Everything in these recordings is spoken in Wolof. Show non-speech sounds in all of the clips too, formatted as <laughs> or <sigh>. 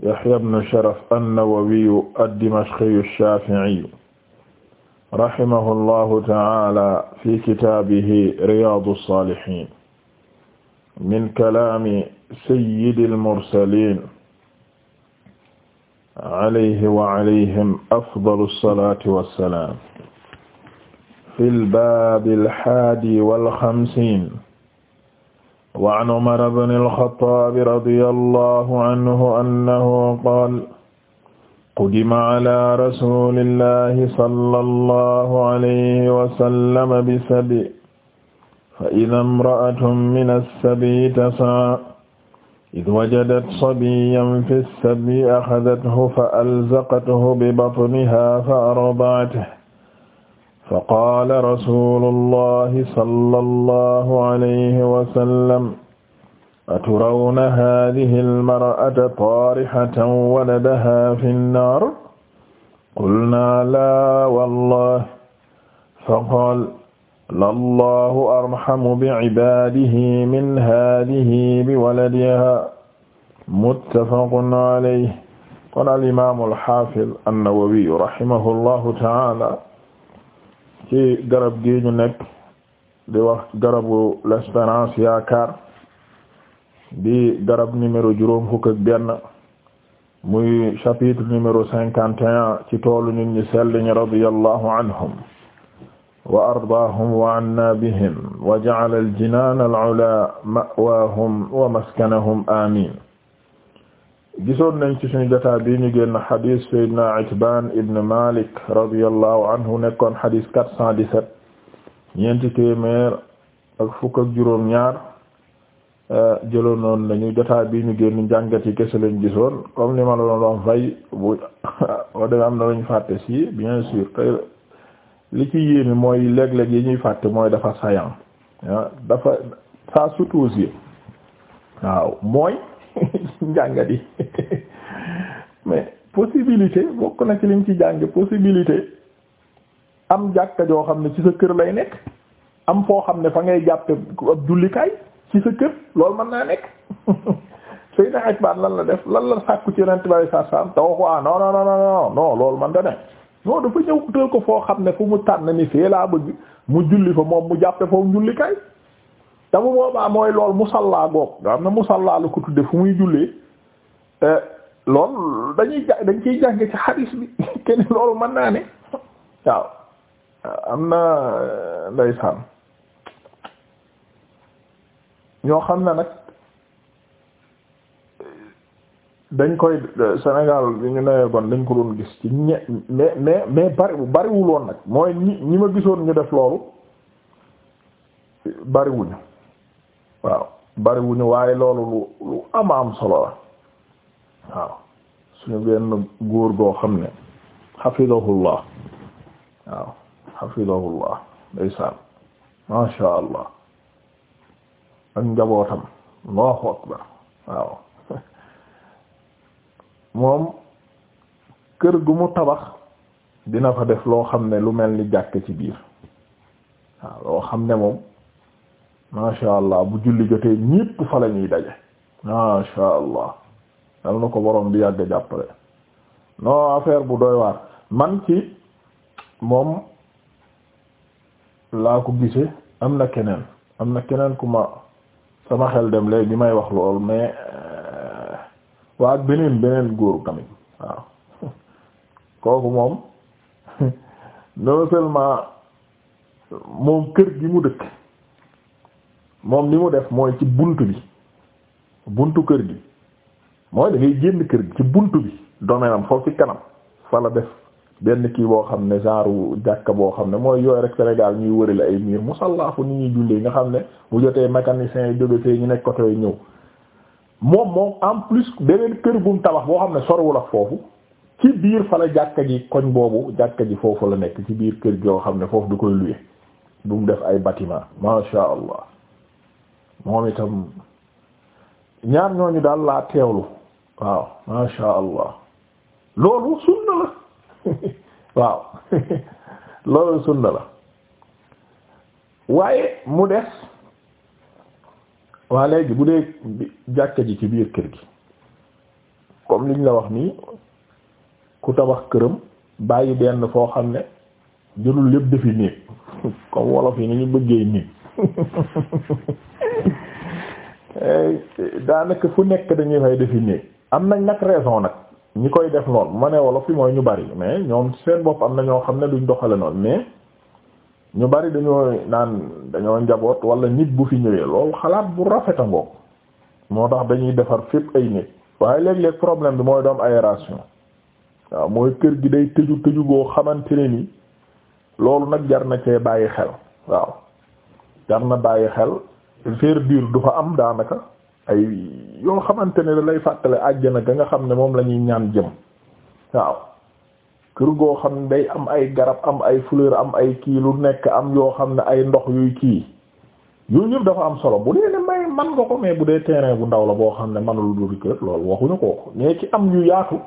Yahya ibn Sharaf an-Nawawiyu ad-Dimashqiyu ash-Shafi'iyu rahimahullahu ta'ala fi kitaabihi Riyaadu as-Saalihiin min kalaami sayyidil mursaliin alayhi wa alayhim afdalu as-salaatu was-salaam fil baabil haadi wal khamsiin wa an Umar ibn al-Khattab radiyallahu anhu annahu qaala qudima ala rasulillahi sallallahu alayhi wa sallam bisabi' fa idha imra'atun min as-sabi'i tas'a idh wajadat sabiyyan fi as-sabi'i akhadhathu fa alzaqathu bi batniha fa arda'athu faqaala rasuulullahi sallallahu alayhi wa sallam aturawna haadihi almar'ata taarixatan waladahaa fi nnaar qulnaa laa wallaah faqaala lallaahu arhamu bicibaadihi min haadihi biwaladihaa muttafaqun alayhi qaala al-imaamu al-haafiz an-nawawiy rahimahu llaahu ta'aalaa ci garab gi ñu nekk di wax garabu l'espérance yaakaar di garab numéro juróom fukk ak benn muy chapitre numéro cinquante et un ci toolu nit ñi sell ñi radiyallahu anhum wa ardaahum wa anna bihim wa ja'ala al-jinaan al-'ulaa ma'waahum wa maskanahum amiin gisoon nañ ci suñu jotaa bi ñu génn xadis sayyidina Itbaan ibn Malik radiyallahu anhu nekkoon xadis 417 ñeenti téeméer ak fukk ak juróom ñaar jëloon noonu nañu jotaa bi ñu génn njàngat yi kese lañ gisoon comme li ma fay bu wa deme am na lañ fàtte si bien sûr li ci yéeme mooy léeg-léeg yi ñuy fàtte mooy dafa sayan ah, dafa ça surtout aussi waaw mooy njàngat yi mais possibilité bokk na ci liñ ci jànge possibilité am jàkka joo xam ne ci sa kër lay nekk am foo xam ne fa ngay jàppe ab jullikaay ci sa kër lool mën naa nekk <laughs> Seydina Akbar lan la def lan la sàkku ci Yonent bi sallallahu alayhi wasallam te waxu ah non non non man da ne dafa ñëw tël ko foo xam ne fu mu tànn ni fee laa bëgg mu julli fa moom mu jàppe foofu jullikaay te bu boobaa mooy lool musalla goog nga xam ne musalla la ko tudde fu muy jullee lool dañuy ja dañ ciy jànge ci xadis bi <laughs> kenn loolu mën naa ne waaw am na ndeysaan ñoo xam ne nag dañ koy Sénégal bi ñu newee bon dañ ko doon gis ci ñe mais mais mais bari bariwuloon nag mooy ñi ñi ma gisoon ñu def loolu bariwuñu waaw bariwuñu waaye loolu lu lu ama am solo la waaw suñu benn góor goo xam ne xafidahullah waaw xafidahullah ndeysaan masha allah ak njabootam allahu akbar waaw <laughs> moom kër gu mu tabax dina ko def loo xam ne lu mel ni jàkk ci biir waaw loo xam ne moom masha allah bu julli jotee ñépp fa la daje masha allah dal na ko borom bi yàgg jàppale non affaire bu doy waat man ci moom laa ko gise am na keneen am na keneen ku ma sama xel dem léegi may wax lool mais euh, waa ak beneen beneen góor tamit waaw <laughs> kooku moom <laughs> non seulement moom kër gi mu dëkk moom li mu def mooy ci bunt bi buntu kër gi mooy da génn kër gi ci bunt bi domaine am foofu ci kanam fa la def benn kii boo xam ne genre jàkka boo xam ne mooy yooyu rek Sénégal ñuy wëri la ay miir musalla fu ni ñuy jullee nga xam ne mu jotee mécanicien yi jóge fee ñu nekk côté ñëw moom moom en plus beneen kër gum tabax boo xam ne sorwul ak foofu ci biir fa la jàkka ji koñ boobu jàkka ji foofu la nekk ci biir kër gi yoo xam ne foofu du koy luye def ay bâtiment masha moom itam ñaar ñooñu daal laa teewlu waaw masha allah loolu sunna la <laughs> waaw <laughs> loolu sunna la waaye mu des waa léegi bu dee jàkka ji ci biir kër gi comme liñ la wax nii ku tabax këram bàyyi benn foo xam ne jëlul lépp defi néeg <laughs> comme wolof yi ni ñu bëggee néeg Eh, daanaka fu nekk dañuy fay defi néeg am nañ nag raison nag ñi koy def lool ma ne wolof yi mooy ñu bari mais ñoom seen bopp am na ñoo xam ne duñ doxale noonu mais ñu bari dañoo naan dañoo njaboot wala nit bu fi ñëwee lool xalaat bu rafet a ngoog moo tax dañuy defar fépp ay néeg waaye léeg-léeg problème bi mooy doom aération waaw mooy kër gi day tëju tëju goo xamante ne ni loolu nag jar na cee bàyyi xel waaw jar na bàyyi xel verdure du fa am daanaka ay yoo xamante ne da lay fàttale àjjana ga nga xam ne moom lañuy ñaan jëm waaw kër goo xam ne day am ay garab am ay fleur am ay kii lu nekk am yoo xam ne ay ndox yuy kii yooyu yëpp dafa am solo bu dee ne may man nga ko mais bu dee terrain bu ndaw la boo xam ne manul dul kër loolu waxuñu ko mais ci am yu yaatu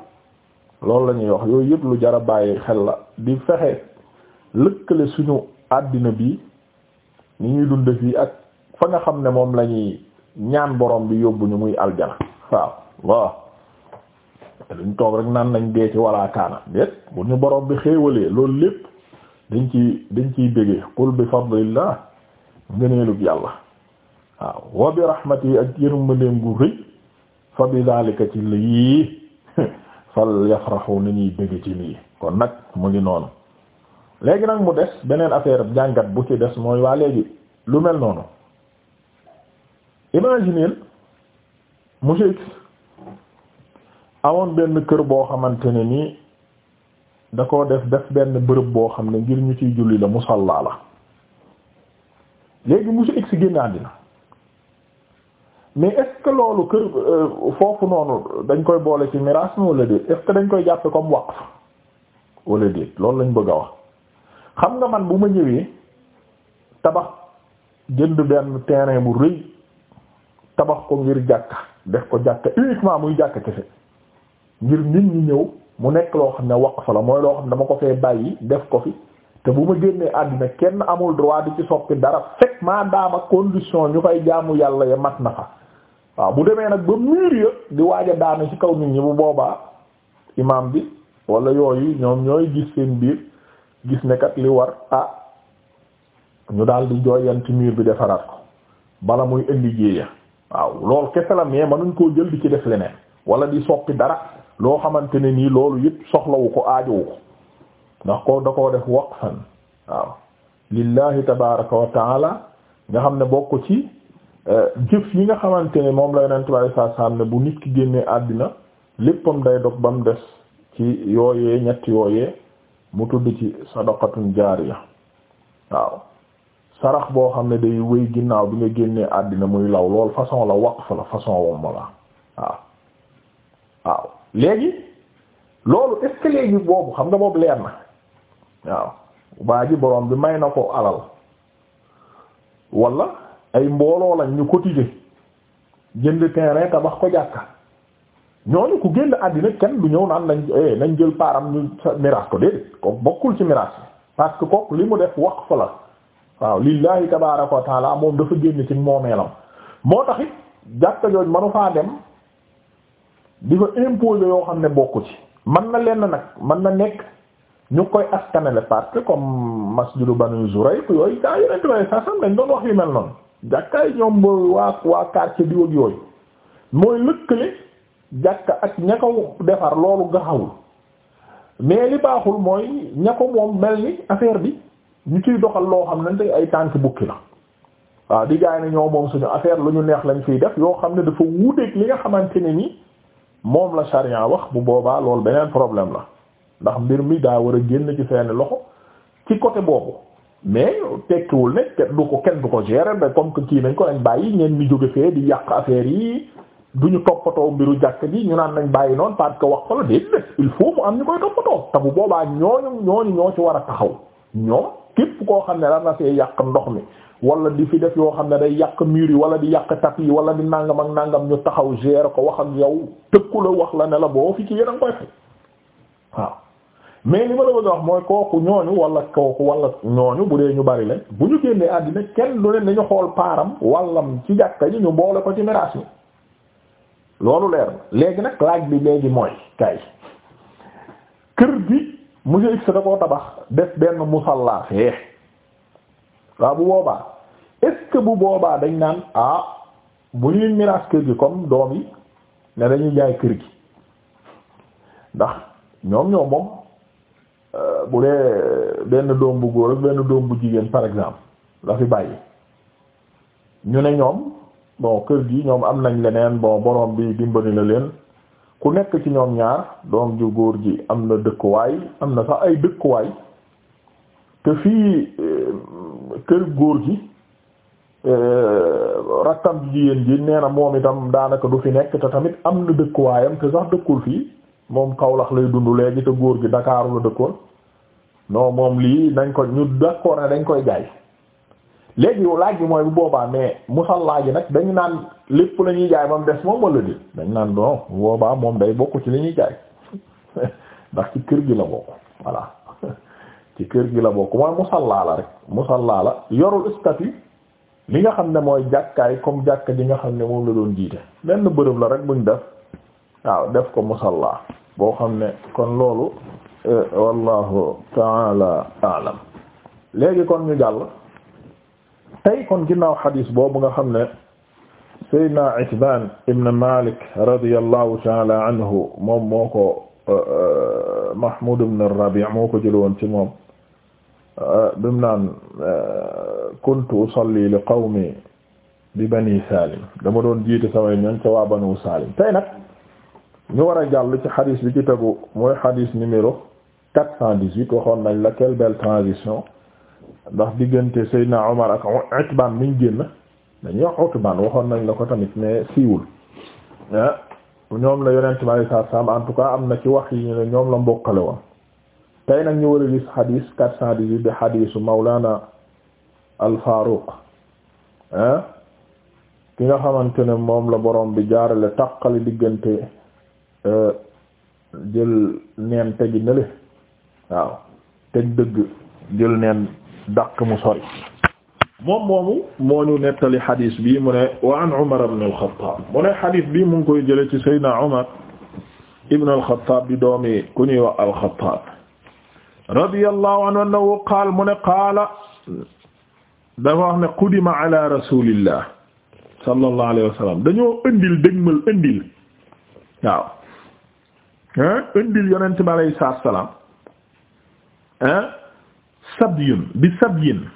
loolu la ñuy wax yooyu yëpp lu jara bàyyi xel la di fexe lëkkale suñu àddina bi ni ñuy dund fii ak fa nga xam ne moom lañuy ñaan borom bi yóbbu ñu muy aljana waaw waaw luñ toog rek naan nañ dee ci walla kaana déet bu ñu borom bi xéewalee loolu lépp dañ ci dañ ciy bégee qul bi fadlillah ngëneelub yàlla waaw wa bi rahmati ak yërmandeem gu rëy fa bi daalika ci lii <laughs> fal yafrahu ni ñuy bégg ci lii kon nag mu ngi noonu léegi nag mu des beneen affaire jàngat bu ci des mooy waa léegi lu mel noonu imagineel monsieur X amoon benn kër boo xamante ne nii da ko def def benn bërëb boo xam ne ngir ñu ciy julli la musalla la léegi monsieur X génn àddina mais est loolu kër euh, foofu noonu dañ koy boole ci miraas mi wala déet est dañ koy jàppe comme waqf wala déet loolu lañ bëgg a wax xam nga man bu ma ñëwee tabax jënd benn terrain bu rëy tabax ko ngir jàkk def ko jàkka ma muy jàkk kese ngir nit ñi ñëw mu nekk loo xam ne waqf la mooy loo xam ne dama ko fee bàyyi def ko fi te bu ma génnee àddina kenn amul droit di ci soppi dara fekk maa daama condition ñu fay jaamu yàlla ya mat na fa waaw bu demee nag ba mur ya di waaj a ci kaw nit ñi bu boobaa imam bi wala yooyu ñoom ñooy gis seen biir gis ne kat li war ah ñu daal di jooyanti miir bi defaraat ko bala muy indi jéeya waaw loolu kese la mais mënuñ koo jël di ci def leneen wala di soppi dara loo xamante ne nii loolu yëpp soxlawu ko aajowu ko ndax ko da koo def waqfan waaw lillahi tabaraka wa taala nga xam ne bokk ci eh, jëf yi nga xamante ne moom la yonent bi alei saa ne bu nit ki génnee àddina léppam day dog ba mu des ci yooyee ñett yooyee mu tudd ci sadaqatun jaariya waaw sarax boo xam ne day wéy ginnaaw bi nga génnee àddina muy law lool façon la waqf la façon wom la waaw waaw léegi loolu est boobu xam nga boobu leer na waaw baa ji borom bi may na ko alal wala ay mbooloo lañ ñu cotiser jënd terrain tabax ko jàkka ñooñu ku génn àddina kenn du ñëw naan nañ eh, nañ jël paaram ñu miraas ko déedéet ko bokkul ci miraas parce que kooku li mu def wax la waaw lillahi tabaaraka wa taala moom dafa génn ci moomeelam moo taxit jàkka jooj manu faa dem di fa imposer yoo xam ne bokku ci man na lenn nag man na nekk ñu koy askanale parce que comme masjidu banu Zurayq yooyu gaa yu nekk lay saasam dañ doon wax yu mel noonu jàkkaay ñoom waa waa quartier diw ak yooyu jàkka ak ña ko defar loolu gaxawul mais li baaxul mooy ña ko moom mel ni affaire bi ñu ciy doxal loo xam ne ay tànk bukki la waaw di gaay ne ñoo moom suñu affaire lu ñu neex lañ fiy def yoo xam ne dafa wuuteeg li nga xamante ne ni moom la sharia wax bu boobaa loolu beneen problème la ndax mbir mi daa war a génn ci seen loxo ci côté boobu mais tekkiwul ne du ko kenn du ko gérer mais comme que kii nañ ko nañ bàyyi ñeen mi jóge fee di yàq affaire yii du ñu toppatoo mbiru jàkk bi ñu naan nañ bàyyi noonu parce que wax ko la déedéet il faut mu am ñu koy toppatoo te bu boobaa ñooñu ñooñu ñoo ci war a taxaw ñoom képp koo xam ne da na fee yàq ndox mi wala di fi def yoo xam ne day yàq mur yi wala di yàq tapis yi wala di nàngam ak nàngam ñu taxaw a ko wax ak yow tëkku la wax la ne la boo fi ci yéen a koy fay waaw. mais li ma la bëgg a wax mooy kooku ñooñu wala kooku wala ñooñu bu dee ñu bari lañ bu ñu génnee àddina kenn du xool paaram wallam ci jàkka loolu leer na léegi nag laaj bi léegi mooy kay kër gi monsieur X da koo tabax def benn musalla fee waaw bu boobaa est bu boobaa dañ naan ah bu ñuy miraas kër gi comme doom yi ne dañuy jaay kër gi ndax ñoom ñoo moom euh, bu dee benn doom bu góor ak benn doom bu jigéen par exemple la fi bàyyi ñu ne ñoom bon kër gi ñoom am nañ leneen bon boroom bi dimbali na leen ku nekk ci ñoom ñaar doom ju góor gi am na dëkkuwaay am na sax ay dëkkuwaay te fii eh, kër góor ji eh, rakkam ji jigéen ji nee na moom itam daanaka du fi nekk te tamit am na dëkkuwaayam te sax dëkkul fii moom Kaolack lay dund léegi te góor gi Dakaaru la dëkkoon non moom lii nañ ko ñu d'accord ne dañ koy jaay léegi yow laaj bi mooy bu boobaa mais musalla ji nag dañu naan lépp la ñuy jaay moom des moom wala di dañu naan don boobaa moom day bokk ci li ñuy jaay <laughs> ndax ci kër gi la bokk voilà <laughs> ci kër gi la bokk mooy musalla la rek musalla la yorul statut li nga xam ne mooy jàkkaay comme jàkka ji nga xam ne moom la doon jiite benn bërëb la rek buñ def waaw def ko musalla boo xam ne kon loolu eh, wallahu taala alam léegi kon ñu jàll tey kon ginnaaw xadis boobu nga xam ne Seydina Itbaan ibn Malik radiyallahu ta'ala anhu moom moo ko euh, euh, Mahmud ibn Rabi' moo ko jëloon ci moom euh, bim naan kuntu usalli li qawmi bi bani Salim dama doon jiite samay ñoñ ca waa banu Salim tey nag ñu war a jàll ci xadis bi ci tegu mooy xadis numéro quatre cent dix-huit waxoon nañ la quelle transition ndax diggante Seydina Omar ak Utbaan miñ génn dañuy wax Utbaan waxoon nañ la ko tamit mais siiwul ah, ñoom la yonent bi alayhi salaam en tout cas am na ci wax yi ñu ne ñoom la mbokkale woon tey nag ñu war a gis xadiis quatre cent dix-huit xadiisu Mawlana al ah, ki nga xamante ne moom la borom bi jaarale taqali diggante eh, jël neen tegi nële waaw teg dëgg jël neen dàq mu sori moom moo ñu nettali xadis bi mu wa an Umar ibn al-Khattab mu bi mu ngi koy jële ci Seydina Umar ibn al doomi ku ñuy wax al-Khattab radiyallahu anhu annahu qaal mu ne qaala dafa wax ne qudima ala rasulillah sallallahu alayhi wa sallam dañoo indil dégmal indil waaw indil yonent bi sabyun bi sabyin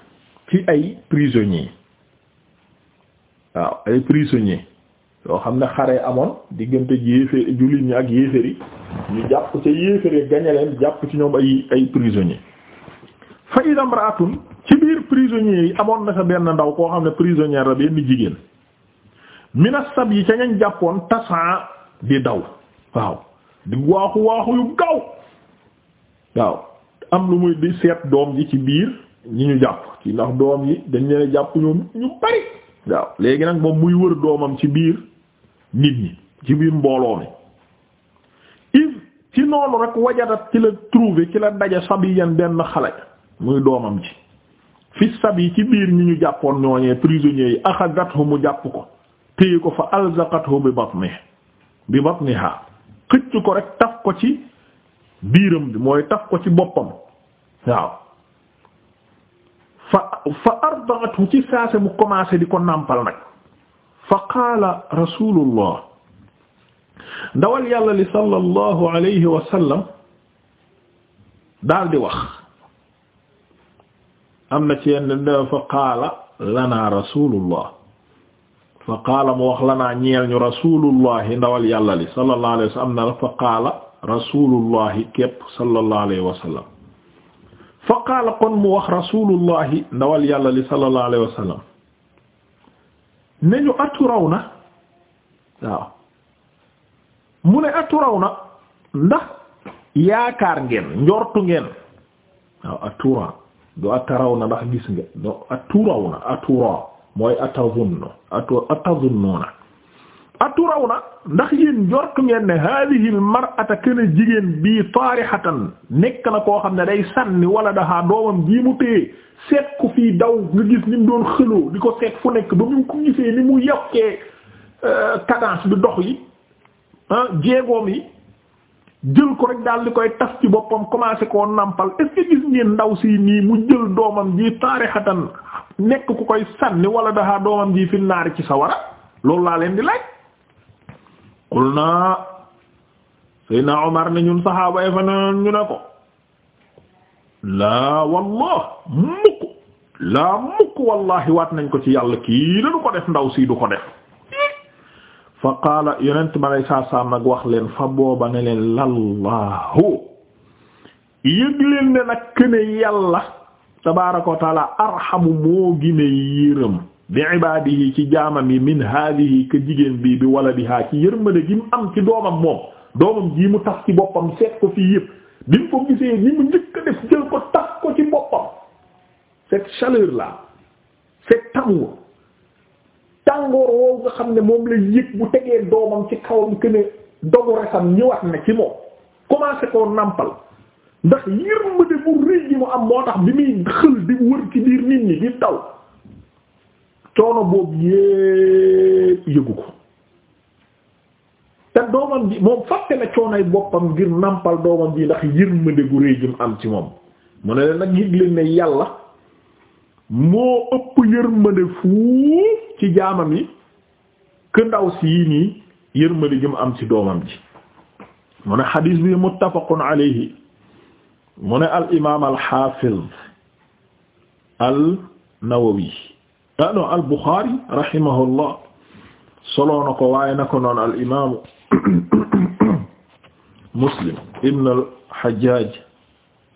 ci ay prisonniers waaw ay prisonniers yoo xam ne xare amoon diggante yéeféer jullit ñi ak yéeféer yi ñu jàpp ca yéeféer yi gañe jàpp ci ñoom ay ay prisonniers fa idam raatun ci biir prisonniers yi amoon na sa benn ndaw koo xam ne prisonnière la benn jigéen mina sab yi ca ñañ jàppoon tasan di daw waaw di waaxu waaxu yu gaaw waaw am lu muy di seet doom ji ci biir ñu ñu jàpp ci ndax doom yi dañ leen jàpp ñoom ñu bari waaw léegi nag moom muy wër doomam ci biir nit ñi ci biir mbooloo mi if ci noonu rek wajadat ci la trouver ci la daja sabiyan benn xale muy doomam ci fi sabi ci biir ñi ñu jàppoon ñooñee prisonniers yi axadathu mu jàpp ko téye ko fa alzaqathu bi batni bi batniha xëcc ko rek taf ko ci biiram bi mooy taf ko ci boppam waaw fa fa ardaatu ci saase mu commencé di ko nàmpal nag fa qaala rasulullah ndawal yàlla li sallallahu alayhi wa wax am na ci yenn da fa qaala lana rasulullah fa qaala mu wax lanaa ñeel ñu rasulullah ndawal yàlla li sallallahu alayhi am na fa qaala rasulullahi képp sallallahu alayhi wa fa qaala kon mu wax rasulullahi ndawal yàlla li sallallahu alayhi wa ne ñu aturaw na waaw mu ne aturaw na ndax yaakaar ngeen njortu ngeen waaw atura du ataraw na ndax gis nga do aturaw na atura mooy atazunnu atazunnu na aturaw na ndax yéen jortu ngeen ne hadihi al mar'ata kana jigéen bii taarixatan nekk na koo xam ne day sànni wala daxaa doomam jii mu téye seet ku fii daw nga gis ni mu doon xëloo ko seet fu nekk ba mu ko ni mu yokkee euh, cadence bi dox yi ah, jeegoom yi jël ko rek daal di koy tas ci boppam commencé koo nàmpal est gis ngeen ndaw si nii mu jël doomam ji taarixatan nekk ku koy sànni wala daxaa doomam ji fi naari ci sawara loolu laa leen di laaj qul naa Seydina Omar ne ñun saxaaba yi fa nenoon ñu ne ko laa wallah mukk laa mukk wallahi waat nañ ko ci yàlla kii la du ko def ndaw si du ko def fa qaala yonent ma lay saa saam nag wax leen fa booba ne leen lallahu yëg leen ne nag këne yàlla tabaaraka wa arhamu moo gine yërëm bi ibaadihi ci jaamam yi min haadihi ka jigéen bii bi waladihaa ci yërmande gi mu am ci doomam moom doomam jii mu tax ci boppam seet ko fii yëpp bi mu ko gisee ni mu njëkk a def jël ko tax ko ci boppam cette chaleur là cette tàngoor tàngoor woowu nga xam ne moom la yëg bu tegee doomam ci kawam que ne dogu resam ñëwaat na ci moom commencé koo nàmpal ndax yërmande bu rëy mu am moo tax bi muy xël di wër ci biir nit ñi di taw coono boobu yépp yëgu ko te doomam bi moom fàtte na coonoy boppam ngir nàmpal doomam bi ndax yërmande gu rëy gi mu am ci moom mu ne leen nag yëg leen ne yàlla moo ëpp yërmande fuuf ci jaamam yi que ndaw si nii yërmande gi mu am ci doomam ji mu ne xadiis bi muttafaqun alayhi mu ne al imaam al xaafiz al nawawi ah non al Bukhari rahimahullah solo na ko waaye nako ko noonu al imaamu <coughs> Muslim ibn al Hajjaj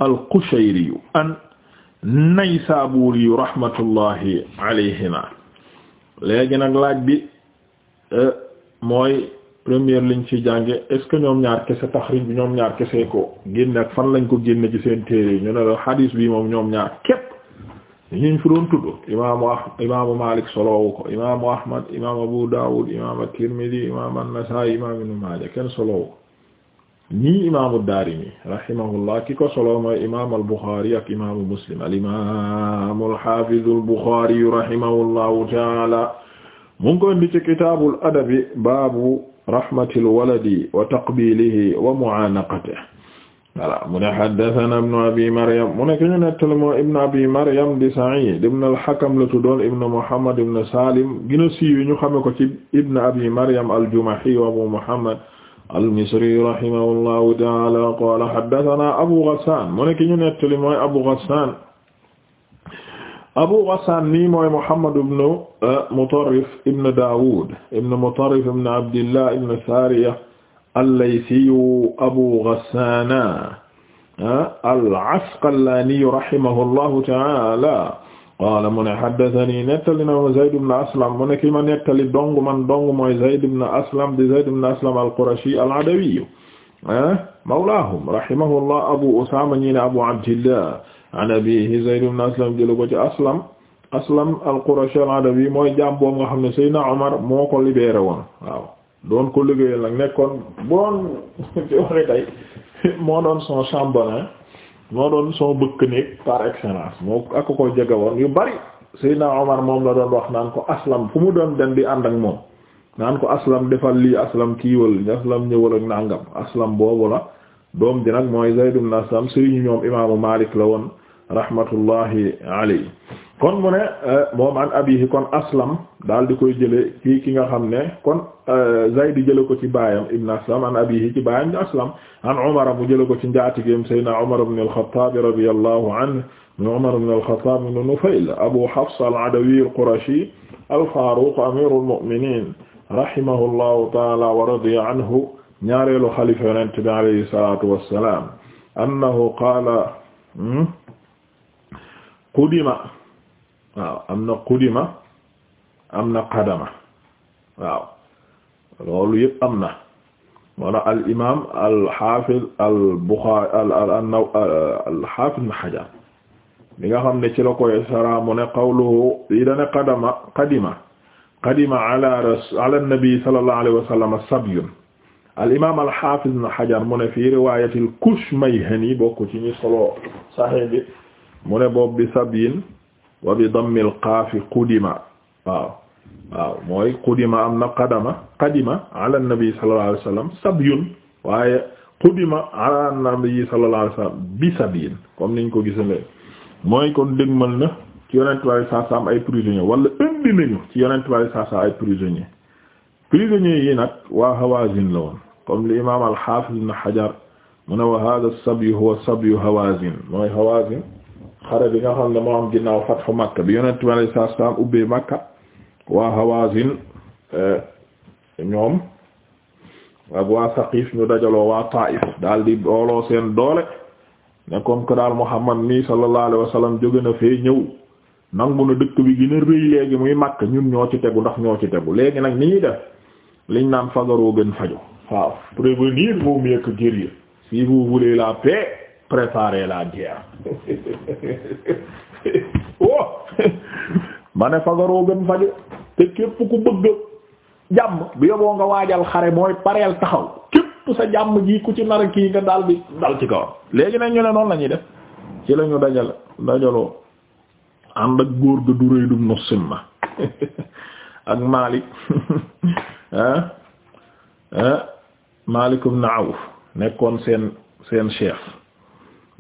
al Qushayri an Naysaburi rahmatullahi alayhima léegi nag laaj bi eh, mooy première liñ ci jànge est ñoom ñaar kese taxriij bi ñoom ñaar kese ko génne ak fan lañ ko génne ci seen téere ñu ne la hadis bi moom ñoom ñaar ñu fi doon tudd imaamu ah imaamu Malik solowu ko imaamu Ahmad imaamu Abu Dawud imaamu Tirmidhi imaamu An-Nasa'i imaamu Ibn Maaja kenn solowu ko ñii imaamu Daarimi rahimahullah ki ko solo mooy imaamu al-Bukhari ak imaamu Muslim al-imaamu al-Haafiz al-Bukhari rahimahullahu ta'ala mu ngi ko indi ci kitaabul adabi baabu rahmatil waladi wa taqbilihi wa mu'aanaqatihi voilà mu ne haddathana ibnu abi maryam mu ne ki ñu nettali moo ibnu abi maryam di sa'id ibnu al-hakam la tuddoon ibnu muhammad ibnu salim gën a siiw ñu xame ko ci ibnu abi maryam al-jumahi wa abu muhammad al-misri rahimahullahu ta'ala qala haddathana abu ghassan mu ne ki ñu nettali mooy abu ghassan abu ghassan nii mooy muhammad ibnu eh, mutarrif ibnu dawud ibnu mutarrif ibnu abdillah ibnu sariya allaysiyu abu ghassaana ah, al-asqalaaniyu rahimahullahu ta'aala qaala mu ne haddathanii nettali na ma Zayd ibn Aslam mu ne ki ma nettali dong man dong mooy Zayd ibn Aslam di Zayd ibn Aslam al-Qurashi al-Adawiyu ah, mawlaahum rahimahullah abu Usaama ñi ne abu Abdillah an abiihi Zayd ibn Aslam jëlu ko ci Aslam Aslam al-Qurashi al-Adawi mooy jaam boobu nga xam ne Seydina Omar moo ko libéré woon waaw. doon ko liggéeyal nag nekkoon bu doon ci <laughs> waxi moo doon soo chambellan moo doon son bëkk néeg par excellence moo ak ko jege woon yu bari Seydina Omar moom la doon wax naan ko aslam fu mu doon dem di ànd ak moom naan ko aslam defal lii aslam kiiwal aslam ñëwal ak nangam aslam boobu la doom di nag mooy Zayd ibn Aslam sëriñu ñoom imaamu Malik la woon rahmatullahi alayhi kon mu ne euh, moom an abihi kon aslam daal di koy jële ci ki nga xam ne kon euh, Zayd jële ko ci baayam ibn aslam an abihi ci baayam di aslam an Umar mu jële ko ci njaatigéem Seydina Umar ibn al-Khattab radiyallahu anhu Umar ibn al-Khattab ibn Nufayl Abu Hafs al-Adawi al-Qurashi al-Faruq amirul mu'minin rahimahullahu ta'ala wa radiya anhu ñaareelu xalifa yonent bi alayhi salatu wassalam annahu qaala hmm, qudima waaw am na qudima am na qadama waaw loolu yëpp am na wala al imaam al xaafiz al buxaari al al al naw al xaafiz na xajar li nga xam ne ci la koy sara mu ne qawluhu yi dane qadama qadima qadima ala ras ala nabi sallallahu alayhi wa sallam sabyun al imaam al xaafiz na xajar mu ne fii riwaayatil kushmayhani bokk ci ñi solo saxiix bi mu ne boobu bi sabyin wa bi dammil qaafi qudima waaw waaw mooy qudima am na qadama qadima ala nabi sallallahu alayhi wasallam sabyun waaye qudima ala nabi sallallahu alayhi wasallam bi sabyin comme niñ ko gisalee mooy kon dégmal na ci yonent bi saa saa am ay prisonniers wala indi nañu ci yonent bi saa saa ay prisonniers prisonniers yi nag waa Hawazin la woon comme li imaam al-Hafiz Ibn Hajar mu ne wa hadha as-sabyu huwa sabyu Hawazin mooy Hawazin xare bi nga xam ne moo am ginnaaw fatxu Makka bi yonent bi alayhi salaatu salaam ubbee Makka waa Hawazin eh, ñoom ak waa Saqif ñu dajaloo waa Taif daal di dooloo seen doole ne comme que daal Muhammad mi sallallahu alayhi wa sallam jóge na fee ñëw nangu na dëkk bi gën a rëy léegi muy Makka ñun ñoo ci tegu ndax ñoo ci tegu léegi nag ni def liñ naan fagaroo gën fajo waaw prévenir vaut mieux que guérir si vous la paix préparer la guerre oh ma ne fagaroo gën faju te képp ku bëgg jàmm bi yoboo nga waajal xare mooy pareel taxaw képp sa jàmm ji ku ci nar kii nga daal bi dal ci kawam léegi nag ñu ne noonu la ñuy def ci la ñu dajal dajaloo ànd ak góor ga du rëy dum no simma ak Maalik ah ah Maalik ibn Awf nekkoon seen seen chef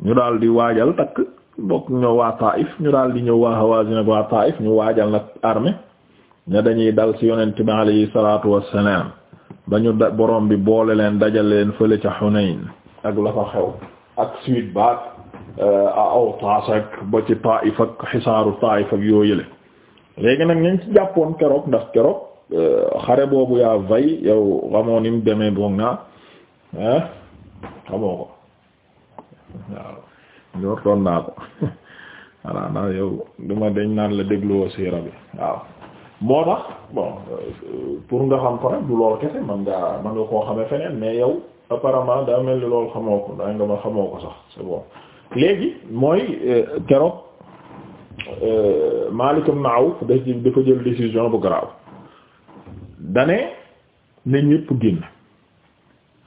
ñu daal di waajal takk bokk ñëw waa Taif ñu daal di ñëw waa Hawazin ak waa Taif ñu waajal nag armée ña dañuy dal ci yonent bi alayhi salaatu wassalaam ba ñu da borom bi boole leen dajal leen fële ca Hunayn ak la fa xew ak suite baak euh, a Awtaas ak ba ci Taif ak xisaaru Taif ak yoo yële léegi nag ñu ci jàppoon keroog ndax keroog euh, xare boobu yaa vay yow xamoo ni mu demee boog naa ah xamoo waaw ñortoon naa ko <laughs> xanaa naa yow duma deñ naan la dégluwoo siira bi waaw moo tax bon pour nga xam ko rek du lool kese man nga man nga koo xame feneen mais yow apparemment daa mel ni loolu xamoo ko daa nga ma xamoo ko sax c'est bon léegi mooy euh, keroog euh, Malik ibn Awf dafa jël décision bu garaaw dane ne ñépp génn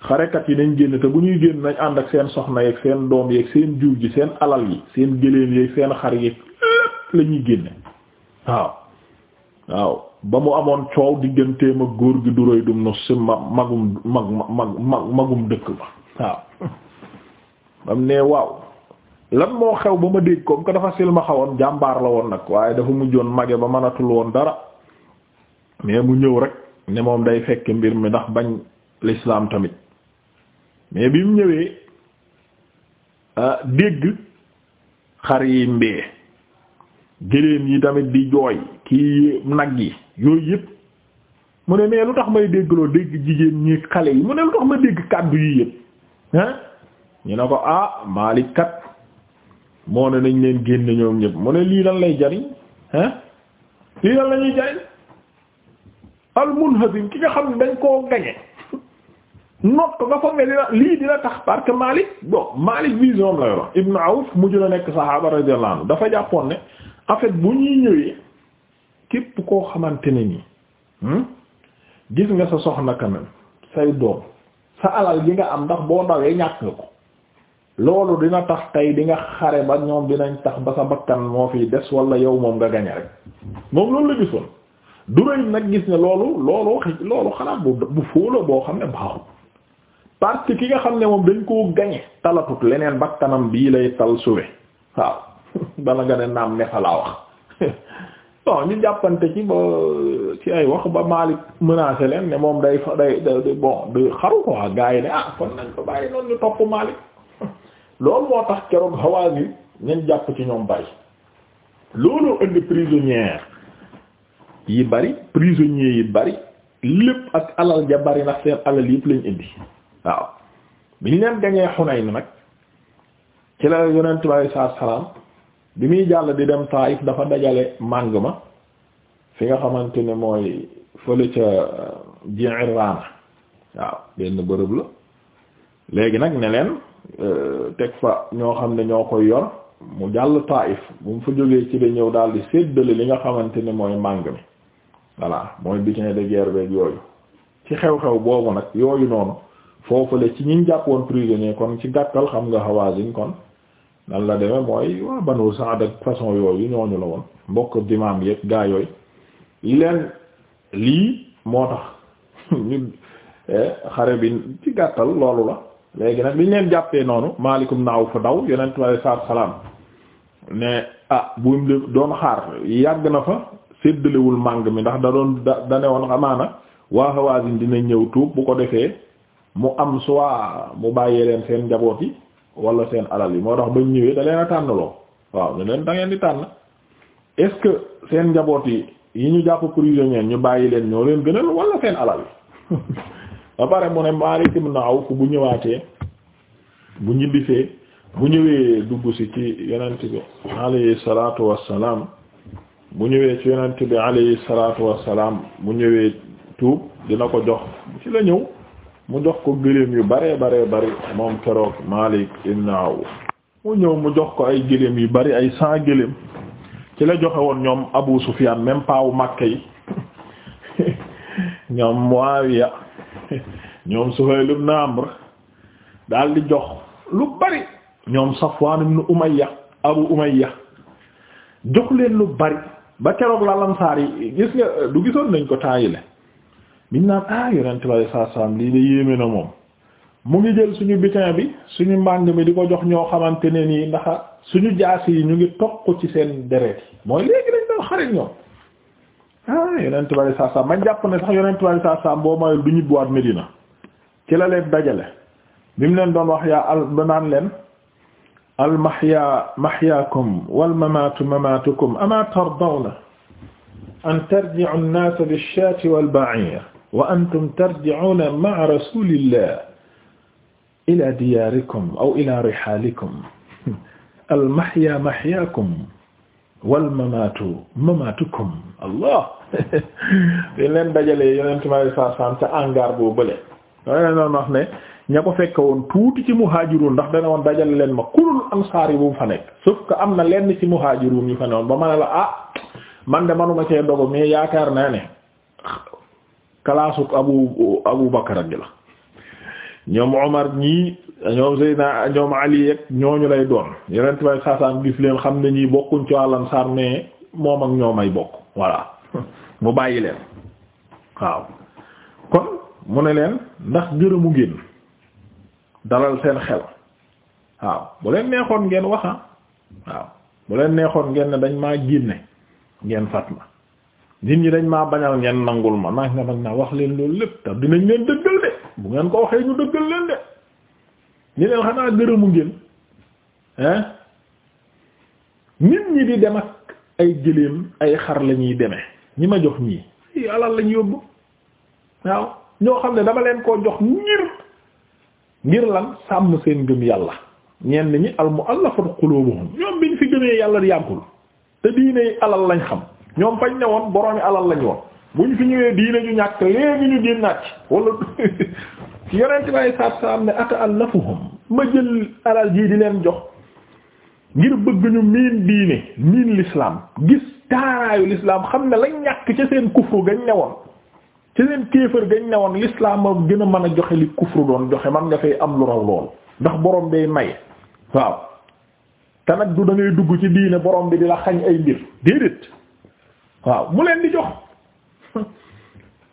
xarekat yi dañ génn te bu ñuy génn nañ ànd ak seen soxna yeeg seen doom yeeg seen jur ji seen alal yi seen gëléem yeeg seen xar yeeg lépp la ñuy génne waaw waaw ba mu amoon coow digganteem ak góor gi duróy dum no si magum mag mag magum dëkk ba waaw bam ne waaw lan moo xew ba ma dégg ko ko dafa silma xawoon jàmbaar la woon nag waaye dafa mujjoon mage ba mënatul woon dara mais mu ñëw rek ne moom day fekk mbir mi ndax bañ l'islam tamit mais bi mu ñëwee ah, dégg xar yi mbee géléem yi tamit di jooy kii nag yi yooyu yëpp mu ne mais lu tax may déggloo dégg jigéen ñi xale yi mu ne lu tax ma dégg kàddu yi yëpp ah ñu ne ko ah Maalik kat moo ne nañ leen génne ñoom ñëpp mu ne lii lan lay jariñ ah lii lan lañuy jariñ al munhazim ki nga xam dañ koo gañe not ko nga foog ne lii dina tax parce que Malik bon Malik vision la yoroon Ibn Awf mujj na nekk saxaaba radiyallahu dafa jàppoon ne en bu ñuy ñëwee képp koo xamante ne nii hmm, gis nga sa soxna quand même say doom sa alal gi nga am ndax boo ndawee ñàkk nga ko loolu dina tax tey di nga xare ba ñoom dinañ tax ba sa bakkan moo fi des wala yow moom nga gañe rek moom loolu la gisoon durée nag gis ne loolu loolu loolu xalaat bu bu fóola boo xam ne parce que ki nga xam ne moom dañ koo gañe talatut leneen kanam bii lay tal suwe waaw <laughs> bala nga ne naam nefa laa wax bon <laughs> ñu jàppante ci ba ci ay wax ba Malik menacé leen ne moom day fa day bon de xaru ko waa gars yi ne ah kon nañ ko bàyyi noonu topp Malik <laughs> loolu moo tax keroog Hawazin ñen jàpp ci ñoom bari loolu indi prisonnier yi bari prisonnier yi bari lépp ak alal ja bari ndax seen alal yëpp lañ indi waaw biñ leen gañee Hunayn nag ci la yonent bi alayhi bi muy jàll di dem Taif dafa dajale màng ma fi nga xamante ne mooy fële ca euh, Ji'irraana waaw benn bërëb la léegi nag ne leen euh, teg fa ñoo xam ne ñoo koy yor mu jàll Taif bu mu fa jógee ci la ñëw daal di séddale li nga xamante ne mooy màng mi voilà mooy butin de guerre beeg yooyu ci xew-xew boobu nag yooyu noonu foofule ci ñi ñu jàppoon prisonnier kon ci gàttal xam nga Hawazin kon nan la deme mooy waa Banu Sa'd ak façon yooyu ñooñu la woon mbokk dimaam yeeg gaa yooyu leen lii moo tax <laughs> ñun eh, xare bi ci gàttal loolu la léegi nag liñ leen jàppee noonu maalikum naaw fa daw yonent ma saat salaam ne ah buum li doon xaar yàgg na fa séddalewul màng mi ndax da doon da da ne woon amaana waa Hawazin dina ñëw tuub bu ko defee mu am soit mu bàyyee leen seen njaboot yi walla seen alal yi moo tax bañ ñëwee da leen a tànnaloo waaw ne leen da di tànn est-ce que seen njaboot yi yi ñu jàpp prisonnier ñu bàyyi leen ñoo leen gënal wala seen alal yi <laughs> ba pare mu ne Maalik ibn Awf bu ñëwaatee bu ñibbisee bu ñëwee dugg si ci yonent bi alayhi salaatu wassalaam bu ñëwee ci yonent bi alayhi salaatu salaam bu ñëwee tuub dina ko jox ci la ñëw mu jox ko gëléem yu bare bare bari moom keroog Malik ibn Awf mu ñëw mu jox ko ay gëléem yu bari ay cent gëléem ci la joxe woon ñoom Abu Sufyan même paawu Makka yi <laughs> ñoom Muawiya ñoom su ibn Amr daal di jox lu bari ñoom Safwan ibn Umayya Abu Umayya jox leen lu bari ba keroog la Ansaar yi gis nga du gisoon nañ ko taayile biñ naan ah yonent bari saa saam lii de yéeme na moom mu ngi jël suñu bitin bi suñu màng mi di ko jox ñoo xamante ne nii ndax suñu jaasi yi ñu ngi toq ci seen deret yi mooy léegi lañ doon xarit ñoom ah yonent bari saa saam ma jàpp ne sax yonent bari saa saam boo mayul du ñibbuwaat Medina ci la leen dajale bi mu leen doon wax yaa al ba naan leen al mahya mahyaakum wal mamaatu mamaatukum ama tardawna an tarji'u an-naasa bish-shaati wal ba'iir wa antum tarji'una ma'a rasulillah ila diyaarikum aw ila rihaalikum al mahya mahyaakum wal mamaatukum allah <laughs> leen leen dajalee yonent ma lay saa saam ca angaar boo bële dana noonu wax ne ña ko fekk woon tuuti ci muhaajiruun ndax dana woon dajale leen ma kulul ansaar bu mu fa nekk sauf am na lenn ci muhaajiruun yu fa ne woon ba ma la ah man de manuma cee dogu mais yaakaar naa ne kalaasuk abu abu bakar ak la ñoom omar ñii ñoom Seydina ñoom ali ak ñooñu lay doon yeneen bay saasaam gis leen xam ne ñii bokkuñ ci àllan sar mais moom ak ñoom ay bokk voilà <laughs> mu bàyyi leen waaw kon mu ne leen ndax gërëmu génn dalal seen xel waaw bu leen neexoon ngeen waxa ah. waaw mu leen neexoon ngeen ne dañ maa génne ngeen fat ma nit ñi dañ maa bañal ngeen nangul ma naa nga nag naa wax leen loolu lépp te dinañ leen dëggal de bu ngeen ko waxee ñu dëggal leen de ñu leen xanaa gërëmu ngeen hein nit ñi di dem ak ay gëléem ay xar lañuy deme ñi ma jox ñii i alal lañ yóbbu waaw ñoo xam ne dama leen koo jox ngir ngir lan sàmm seen ngëm yàlla ñenn ñi al mu'allafatu qulubuhum ñoom biñ fi gëmee yàlla yàggul te diine alal lañ xam ñoom fañ ne woon boroomi alal lañu woon buñ fi ñëwee diine ñu ñàkk léegi ñu génnaat ci wala <laughs> yonent bi alayhi salaatu salaam ne ata allafuhum ma jël alal jii di leen jox ngir bëgg ñu miin diine miin l'islam gis taaraayu l'islam xam ne lañ ñàkk ca seen kufru gañ ne woon ci seen kéefër gañ ne woon l'islam a gën a mën a joxe li kufru doon joxe man nga fay am lu raw lool ndax boroom day may waaw te nag du da dugg ci diine borom bi di la xañ ay mbir waaw mu leen di jox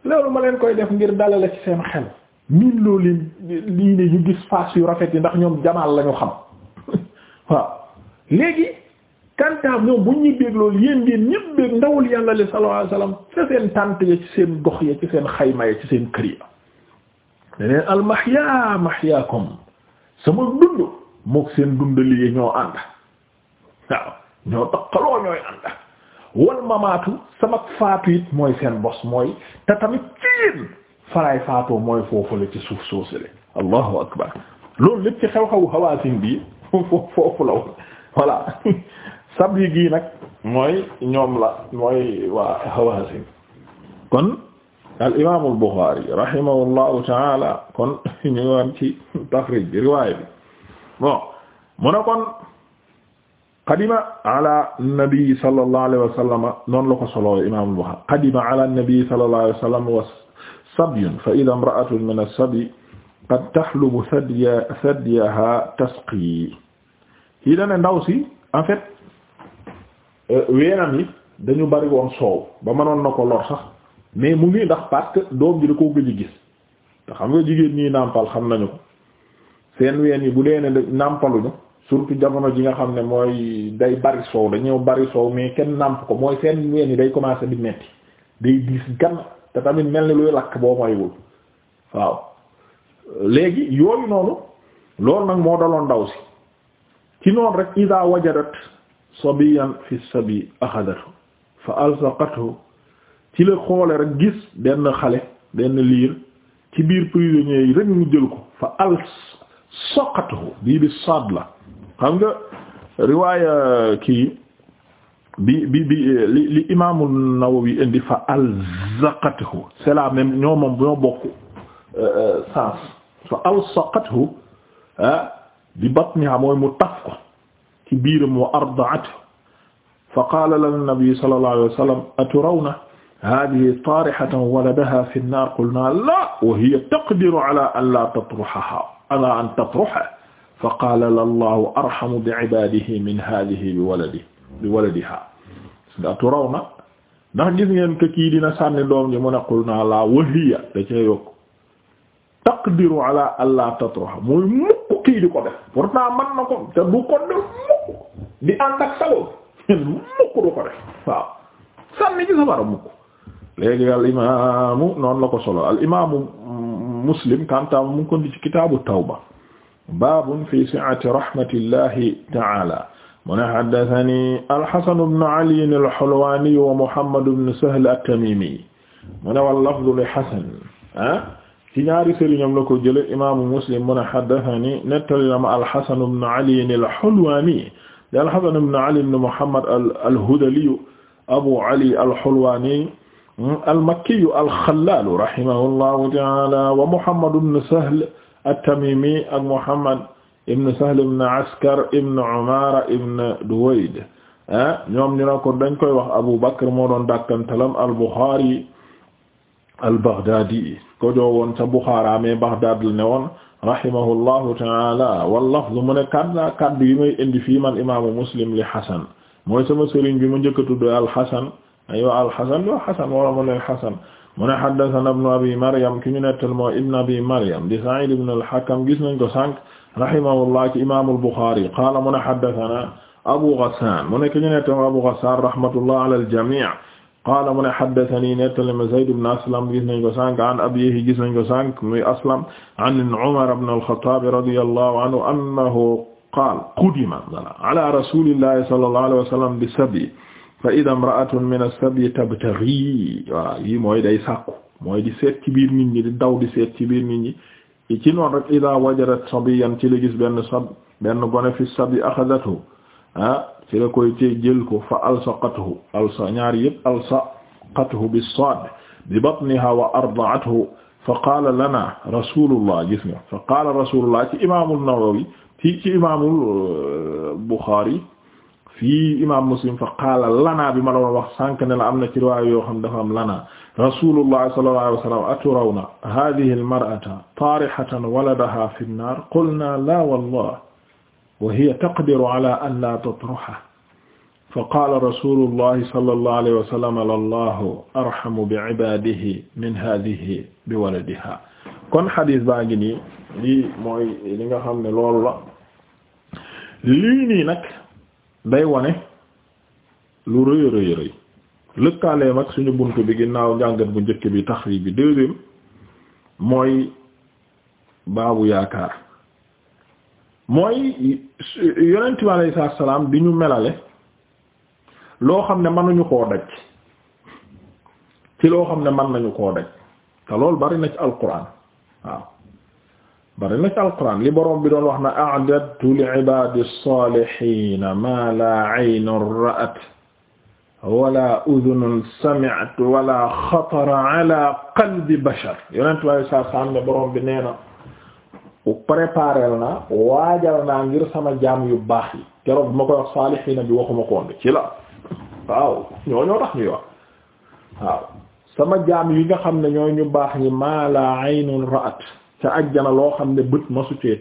loolu ma leen koy def ngir dalale ci seen xel miin loo leen lii ne ñu gis face yu rafet yi ndax ñoom jamaal la ñu xam <laughs> waaw léegi kantaab ñoom buñ ñu béeg loolu yéen ngeen ñëpp béeg ndawul yàlla li sallallahu alayhi seen tànt ya ci seen gox ya ci seen xayma ya ci seen kër ya deneen almahya mahyaakum sama dund mook seen dund li ñoo ànd waaw ñoo takkaloo ñooy ànd wal mamaatu sama faatu it mooy seen bos mooy te tamit ci yéen faraay mooy foofule ci suuf soosule allahu akbar loolu lépp ci xew-xewu hawaasin bi <laughs> foofu la woon voilà <laughs> gii nag mooy ñoom la mooy waa hawaasin kon al imaam al Buxaari taala kon <laughs> ñu ci taxrij bi bi bon mu kon qadima ala nabi sallallahu alayhi wa noonu la ko solo imaam al-Bukhari qadima ala nabi sallallahu alayhi wa sallam wa sabyun fa min as qad tahlubu thadya thadyaha tasqi kii da ndaw si en fait euh, weenam yi dañu bari woon soow ba mënoon na ko lor sax mais mu ngi ndax parce doom ji da koo gëj a gis te xam nga jigéen ñi nàmpal xam nañu ko seen ween yi bu leen nàmpaluñu surtout jamono ji nga xam ne mooy day bari soow dañëw bari soow mais kenn nàmp ko mooy seen ween yi day commencer di metti day diis gan te tamit mel ni luy lakk boo moywul waaw léegi yooyu noonu loolu nag moo daloon ndaw si ci noonu rek ida wajadat sabiyan fi sabi axadatu fa alsaqathu ci la xoole rek gis benn xale benn liir ci biir prisonnier yi rek ñu jël ko fa alsaqathu bii bi sad la xam nga riwaaya kii bi bi bi li li imaamu Nawawi indi fa alzaqathu c'est la même ñoo moom ñoo bokk euh, sens fa alsaqathu ah bi batniha mooy mu taf ko ci biiram wa ardaat fa qaala lana nabi sallallahu alayhi wa sallam aturawna hadihi tarihatan waladaha fi nnaar qulna la wa hiya taqdiru ala an la tatruhaha ala an tatruha fa qaala lallahu arhamu bi ibadihi min hadihi bi waladi bi waladiha nga turaw na ndax gis ngeen ko kii dina sànni doom ji mu ne qul naa laa wahiya da cee yokk taqdiru ala allah tatruha muy mukk kii di ko def pourtant man na ko te du ko def mukk di ànd ak sago mukk du ko def waaw sànni ci safara mukk léegi al imaamu noonu la ko solo al imaamu muslim kantaam mu ngi ko di ci kitaabu tawba baabun fi si'ati rahmatillahi ta'ala mu ne haddathani al-Hasan ibn Ali al-Hulwani wa Muhammad ibn Sahl at-Tamimi mu ne wal-lafdhu li Hasan ah ci ñaari sëriñam la ko jële imaamu Muslim mu ne haddathani nettali na ma al-Hasan ibn Ali al-Hulwani di al-Hasan ibn Ali ibn Muhammad al-Hudali Abu Ali al-Hulwani mm, al-Makki al-Khallal rahimahullahu ta'ala wa Muhammad ibn Sahl at-Tamimi ak Muhammad ibn Sahl ibn Askar ibn Umaara ibn Duwayd ah, ñoom ñu ne ko dañ koy wax Abu Bakr moo doon dàkkantalam al-Bukhari al-Baghdadi ko joowoon ca Bukhara mais Baghdad la ne woon rahimahullahu ta'ala wal-lafz mu ne kaddu kaddu yi may indi fii man imaamu Muslim li Hasan mooy sama sëriñ bi mu njëkk a tudd al-Hasan aywa al-Hasan wa Hasan wala mu ne al-Hasan mu ne haddathana ibnu abi Maryam ki ñu nettal moo ibnu abi Maryam di Sa'id ibn al-Hakam gis nañ ko sànq rahimahullah ci imaamul Bukhari qaala mu ne haddathana Abu Ghassan mu ne ki ñu nettal moo Abu Ghassan rahmatullah ala al-jami' qaala mu ne haddathani nettal ma Zayd ibn Aslam gis nañ ko sànq an abiihi gis nañ ko sànq muy Aslam an Umar ibn al-Khattab radiyallahu anhu annahu qaala qudima ala rasulillahi sallallahu alayhi wa sallam bi sab'i fa ida imra'atun min as-sabi tabtaghi waaw yii mooy day sàkku mooy di seet ci biir nit ñi di daw di seet ci biir nit ñi ci noonu rek ida wajadat sabiyan ci la gis benn sab benn gone fi sabi axadatu ah ci la koy tee jël ko fa alsaqathu alsa ñaar yëpp alsaqathu bi saad bi batniha wa ardaathu fa qaala lana rasulullah gis nga fa qaala rasulullah ci imaamul nawawi ci ci imaamul euh, buxaari fii imam muslim fa qaala lana bi ma doon wax sànq ne la am na ci riwaaya yoo xam dafa am lana rasulullah sallallahu alayhi wa sallam aturawna hadhihi almar'ata tarihatan waladaha fi an-nar qulna la wallah wa hiya taqdiru ala an la tatruha fa qaala rasulullah sallallahu alayhi wa sallam lallahu arhamu bi'ibadihi min hadhihi biwaladiha kon hadith baa ngi nii lii mooy li nga xam ne loolu la lii nii nag day wane lu rëy rëy rëy lëkkaaleem ak suñu bunt bi ginnaaw njàngat bu njëkk bi taxriij bi deuxième mooy baabu yaakaar mooy yonent bi alayhi salaatu salaam di ñu melale loo xam ne mënuñu koo daj ci loo xam ne man nañu koo daj te loolu bari na ci alquran waaw bari na ci alquran li borom bi doon wax na a'dadtu li ibadi salihina ma la aynun ra'at wala udhunun sami'at wala xatara ala qalbi bashar yonent waaye saa saam ne borom bi nee na u préparel na waajal naa ngir sama jaam yu baax yi keroog bi ma koy wax saalihiina bi waxuma koon ci la waaw ñoo ñoo tax ñuy wax waaw sama jaam yi nga xam ne ñooy ñu baax ñi ma la aynun ra'at ca ajjana loo xam ne bët masu cee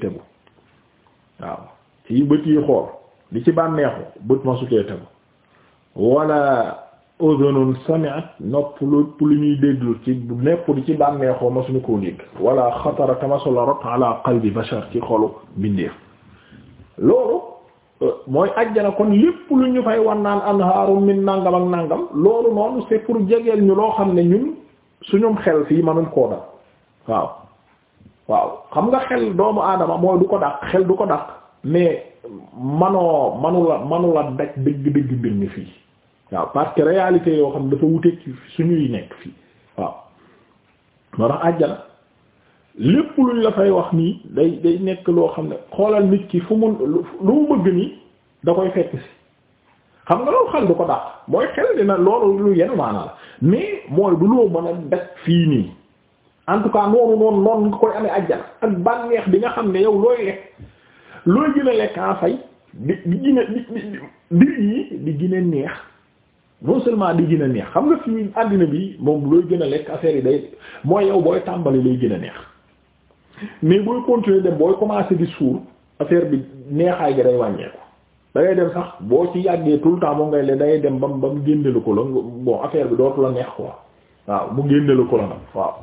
waaw ci bët yi xool li ci bànneexu bët masu cee tegu wala udhunun sami'at nopp lépp lu ñuy déglu ci nepp di ci bànneexoo suñu koo dégg wala xatara tamasula rot ala qalbi bashar ci xolu bindeef loolu euh, mooy ajjana kon lépp lu ñu fay wan naan anharum min nàngam ak nàngam loolu noonu c'est pour jegeel ñu loo xam ne ñun suñum xel fii mënuñ koo dal waaw waaw xam nga xel doomu aadama mooy du ko dàq xel du ko dàq mais manoo manula manula daj dëgg-dëgg mbir mi fii waaw parce que réalité yoo xam ne dafa wuteeg ci suñuy nekk fii waaw moo tax àjjana lépp luñ la fay wax nii day day nekk loo xam ne xoolal nit ki fu mu lu mu bëgg nii da koy fekk si xam nga loolu xel du ko dàq mooy xel dina loolu lu yenn maanaa la mais mooy du loo mën a daj fii nii en tout cas noonu noonu noonu nga koy amee ajjana ak bànneex bi nga xam ne yow looy lekk looy gën a lekk en fay di di gën a di mbir di gën a neex non seulement di gën a neex xam nga fi àddina bi moom looy gën a lekk affaire yi day mooy yow booy tàmbali looy gën a neex mais booy continuer dem booy commencer di suur affaire bi neexaay gi day wàññeeku da ngay dem sax boo ci yàggee tout le temps moom ngay leen da dem ba mu ba mu génne la ko la bon affaire bi dootu la neex quoi waaw mu génne ko la waaw.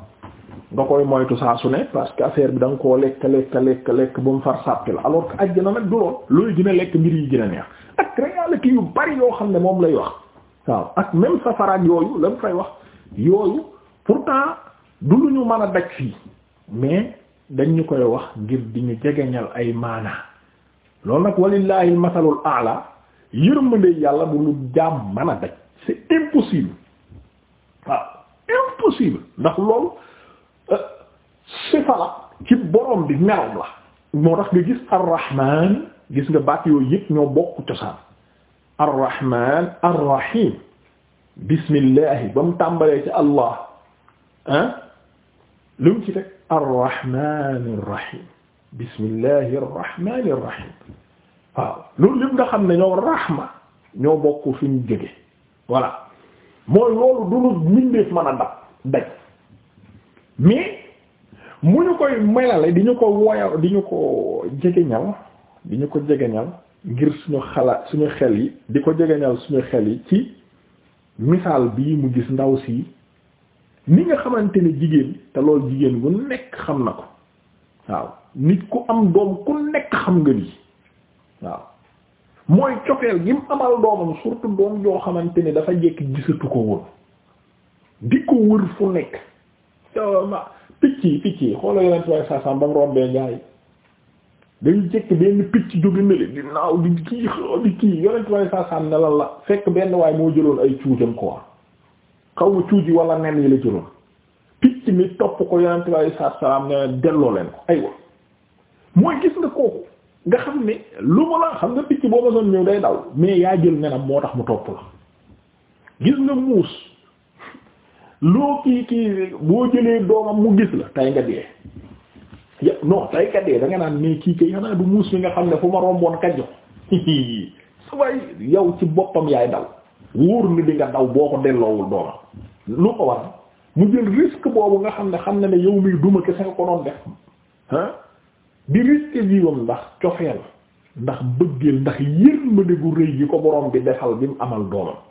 nga koy moytu saa su ne parce que affaire bi da nga koo lekk lekk lekk lekk ba mu far sàppi la alors que àjjana nag du lool looy gën a lekk mbir yi gën a neex ak réalité yu bari yoo xam ne moom lay wax waaw ak même safara ak yooyu la fay wax yooyu pourtant du lu ñu mën a daj fii mais dañ ñu koy wax ngir di ñu jegeñal ay maana loolu nag walillahi almasalul a'la yërmande yàlla du lu jaam mën a daj c'est impossible waaw impossible ndax loolu sifa la ci borom bi merom la moo tax nga gis arrahman gis nga baat yooyu yëpp ñoo bokk cosaan arrahman arrahim bismillahi ba mu tàmbalee ci allah ah lu mu ci teg arrahman arrahim bismillahi arrahman arrahim waaw loolu lépp nga ñoo rahma fi ñu jóge voilà mooy loolu du lu mindeef mën a dab daj mais mu ñu koy melale di ñu ko woyal di ñu ko jegeñal di ñu ko jegeñal ngir suñu xalaat suñu xel yi di ko jegeñal suñu xel yi ci misaal bii mu gis ndaw si ni nga xamante ne jigéen te loolu jigéen bu nekk xam na ko waaw nit ku am doom ku nekk xam nga lii waaw mooy cofeel gi mu amal doomam surtout doom joo xamante ni dafa jekk gisatu ko woon di ko wër fu nekk picc yi picc yi xoolal yeneen tubaab yi saa saa ba mu rombee gaa yi dañu jëkk benn picc jóge na leen di naaw di kii xaw di kii yeneen saa saa ne la fekk benn waay moo jëloon ay cuujam quoi xaw ma cuuj yi wala nen yi la jëloon picc mi topp ko yeneen tubaab yi saa saa ne delloo leen ko aywa mooy gis nga kooku nga xam ne lu mu la xam nga picc boo ma doon ñëw day daw mais yaa jël nenam moo tax mu topp la gis nga muus. loo kii kii boo jëlee doomam mu gis la tay nga dee ya non tay nga dee da nga naan mais kii kay xanaa du muus mi nga xam ne fu ma romboon kajjo su way yow ci boppam yaay dal wóor ni di nga daw boo ko delloowul doomam lu ko war mu jël risque boobu nga xam ne xam na ne yow miy duma kese nga ko doon def ah di risque jiwam ndax cofeel ndax bëggeel ndax yërmande gu rëy yi ko borom bi defal bi mu amal doomam